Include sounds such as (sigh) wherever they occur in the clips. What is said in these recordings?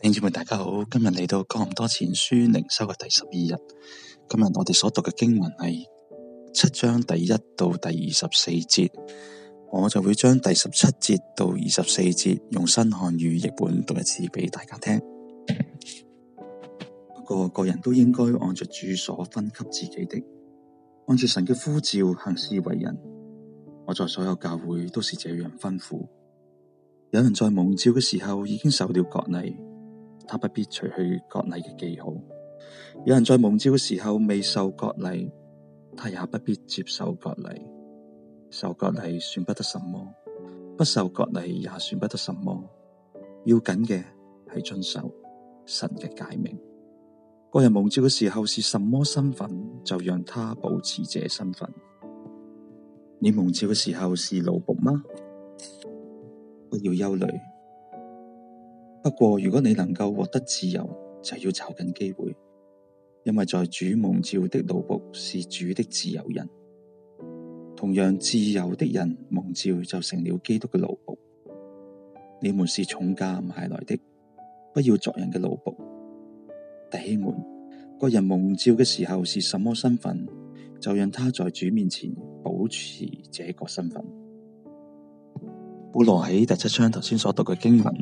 弟兄們，大家好！今日嚟到哥林多前書靈修嘅第十二日。今日我哋所讀嘅經文係七章第一到第二十四節，我就會將第十七節到二十四節用新漢語譯本讀一次俾大家聽。各 (noise) 個人都應該按著主所分給自己的，按照神嘅呼召行事為人。我在所有教會都是這樣吩咐。有人在蒙召嘅時候已經受了割禮，他不必除去割禮嘅記號；有人在蒙召嘅時候未受割禮，他也不必接受割禮。受割禮算不得什麼，不受割禮也算不得什麼。要緊嘅係遵守神嘅誡命。個人蒙召嘅時候是什麼身份，就讓他保持這身份。你蒙召嘅時候是奴僕嗎？不要憂慮。不過，如果你能夠獲得自由，就要抓緊機會，因為在主蒙召的奴僕是主的自由人。同樣，自由的人蒙召就成了基督嘅奴僕。你們是重價買來的，不要作人嘅奴僕。弟兄們，個人蒙召嘅時候是什麼身份，就讓他在主面前保持這個身份。保羅喺第七章頭先所讀嘅經文，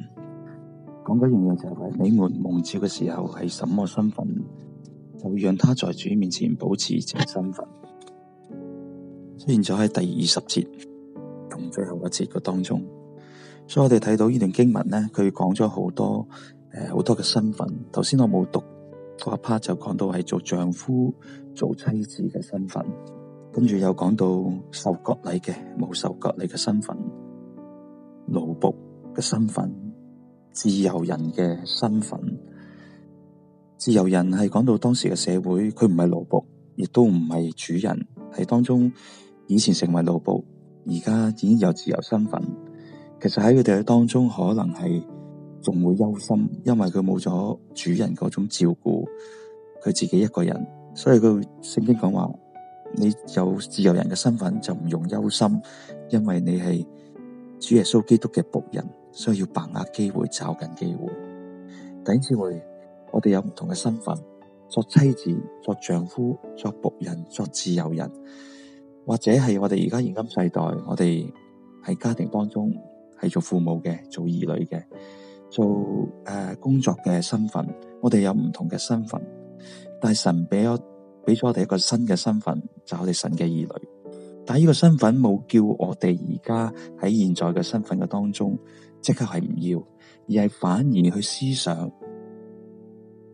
講緊一樣嘢，就係你們蒙召嘅時候係什麼身份，就會讓他在主面前保持呢個身份。 (laughs) 出現咗喺第二十節同最後一節嘅當中，所以我哋睇到呢段經文咧，佢講咗好多誒、好、呃、好多嘅身份。頭先我冇讀嗰一 part 就講到係做丈夫、做妻子嘅身份，跟住又講到受割禮嘅、冇受割禮嘅身份。奴僕嘅身份，自由人嘅身份，自由人係講到當時嘅社會，佢唔係奴僕，亦都唔係主人，係當中以前成為奴僕，而家已經有自由身份。其實喺佢哋喺當中，可能係仲會憂心，因為佢冇咗主人嗰種照顧佢自己一個人，所以佢聖經講話，你有自由人嘅身份就唔用憂心，因為你係。主耶穌基督嘅僕人，需要把握機會，找緊機會。等次會我哋有唔同嘅身份，作妻子、作丈夫、作僕人、作自由人，或者係我哋而家現今世代，我哋喺家庭當中係做父母嘅、做兒女嘅、做誒、呃、工作嘅身份，我哋有唔同嘅身份。但係神俾咗俾咗我哋一個新嘅身份，就是，我哋神嘅兒女。但呢個身份冇叫我哋而家喺現在嘅身份嘅當中，即刻係唔要，而係反而去思想，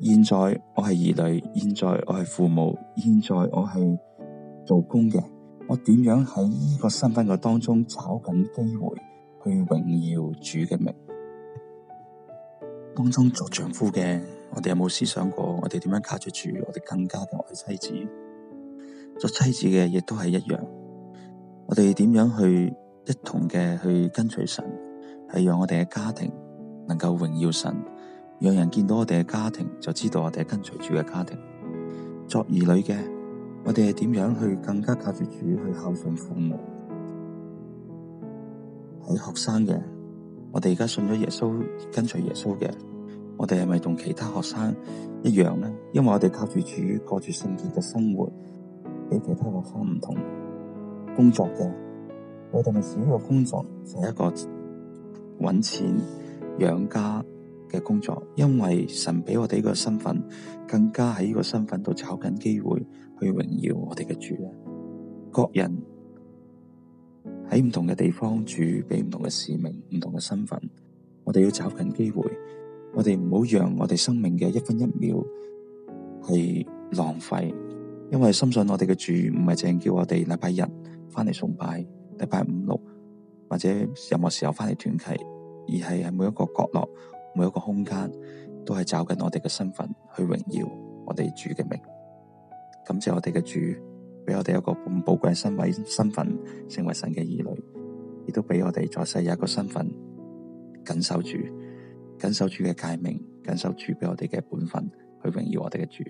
現在我係兒女，現在我係父母，現在我係做工嘅，我點樣喺呢個身份嘅當中找緊機會去榮耀主嘅名？當中做丈夫嘅，我哋有冇思想過？我哋點樣卡住住我哋更加嘅愛妻子？做妻子嘅亦都係一樣。我哋點樣去一同嘅去跟隨神，係讓我哋嘅家庭能夠榮耀神，讓人見到我哋嘅家庭就知道我哋係跟隨主嘅家庭。作兒女嘅，我哋係點樣去更加靠住主去孝順父母？喺學生嘅，我哋而家信咗耶穌，跟隨耶穌嘅，我哋係咪同其他學生一樣呢？因為我哋靠住主過住聖潔嘅生活，比其他學生唔同。工作嘅，我哋咪視呢個工作係一個搵錢養家嘅工作，因為神俾我哋呢個身份，更加喺呢個身份度找緊機會去榮耀我哋嘅主咧。各人喺唔同嘅地方，住，俾唔同嘅使命、唔同嘅身份，我哋要找緊機會，我哋唔好讓我哋生命嘅一分一秒係浪費，因為深信我哋嘅主唔係淨叫我哋禮拜日。翻嚟崇拜，禮拜五六或者任何時候翻嚟團契，而係喺每一個角落、每一個空間，都係找緊我哋嘅身份去榮耀我哋主嘅名。感謝我哋嘅主，俾我哋有個咁寶貴嘅身份，身份成為神嘅兒女，亦都俾我哋在世有一個身份，緊守住，緊守住嘅誡命，緊守住俾我哋嘅本分，去榮耀我哋嘅主。